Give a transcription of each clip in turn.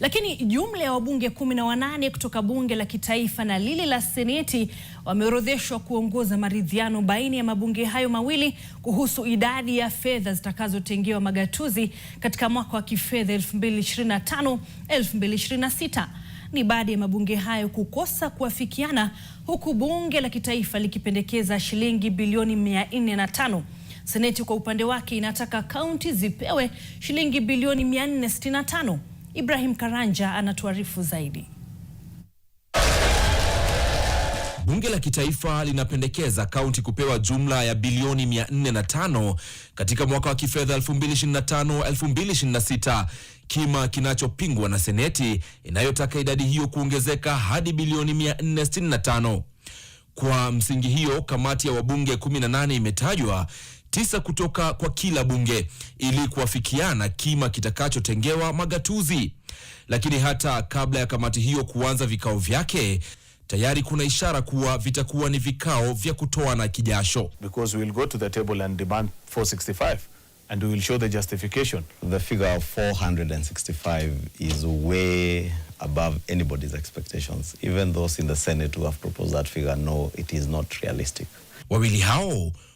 Lakini jumla ya wabunge kumi na wanane kutoka bunge la kitaifa na lile la seneti wameorodheshwa kuongoza maridhiano baina ya mabunge hayo mawili kuhusu idadi ya fedha zitakazotengewa magatuzi katika mwaka wa kifedha 2025 2026. Ni baada ya mabunge hayo kukosa kuafikiana, huku bunge la kitaifa likipendekeza shilingi bilioni 405. Seneti kwa upande wake inataka kaunti zipewe shilingi bilioni 465. Ibrahim Karanja anatuarifu zaidi. Bunge la kitaifa linapendekeza kaunti kupewa jumla ya bilioni 405 katika mwaka wa kifedha 2025-2026, kima kinachopingwa na seneti inayotaka idadi hiyo kuongezeka hadi bilioni 465. Kwa msingi hiyo, kamati ya wabunge 18 imetajwa tisa kutoka kwa kila bunge ili kuafikiana kima kitakachotengewa magatuzi. Lakini hata kabla ya kamati hiyo kuanza vikao vyake, tayari kuna ishara kuwa vitakuwa ni vikao vya kutoa na kijasho. And we will show the justification. The figure of 465 is way above anybody's expectations. Even those in the Senate who have proposed that figure know it is not realistic. Wawili hao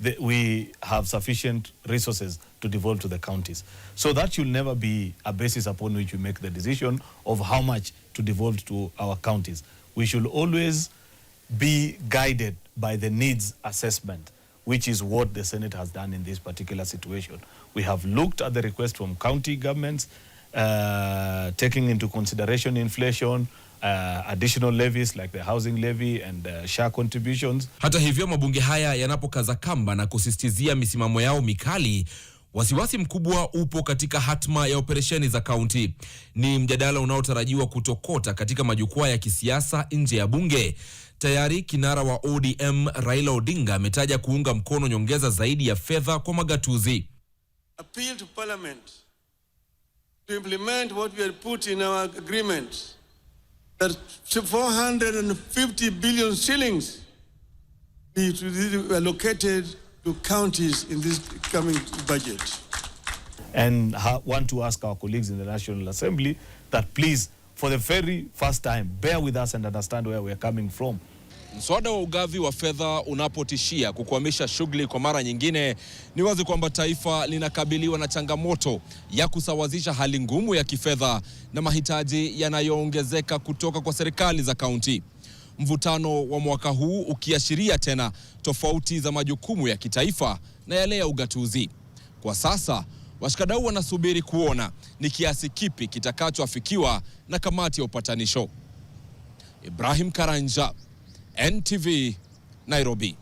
the, we have sufficient resources to devolve to the counties. So that should never be a basis upon which we make the decision of how much to devolve to our counties. We should always be guided by the needs assessment, which is what the Senate has done in this particular situation. We have looked at the request from county governments, uh, taking into consideration inflation, Uh, additional levies like the housing levy and uh, share contributions. Hata hivyo mabunge haya yanapokaza kamba na kusisitizia misimamo yao mikali, wasiwasi mkubwa upo katika hatma ya operesheni za kaunti. Ni mjadala unaotarajiwa kutokota katika majukwaa ya kisiasa nje ya bunge. Tayari kinara wa ODM Raila Odinga ametaja kuunga mkono nyongeza zaidi ya fedha kwa magatuzi. Appeal to parliament to implement what we had put in our agreement. that 450 billion shillings be allocated to counties in this coming budget. And I want to ask our colleagues in the National Assembly that please, for the very first time, bear with us and understand where we are coming from. Mswada wa ugavi wa fedha unapotishia kukwamisha shughuli kwa mara nyingine, ni wazi kwamba taifa linakabiliwa na changamoto ya kusawazisha hali ngumu ya kifedha na mahitaji yanayoongezeka kutoka kwa serikali za kaunti. Mvutano wa mwaka huu ukiashiria tena tofauti za majukumu ya kitaifa na yale ya ugatuzi. Kwa sasa washikadau wanasubiri kuona ni kiasi kipi kitakachoafikiwa na kamati ya upatanisho. Ibrahim Karanja NTV, Nairobi.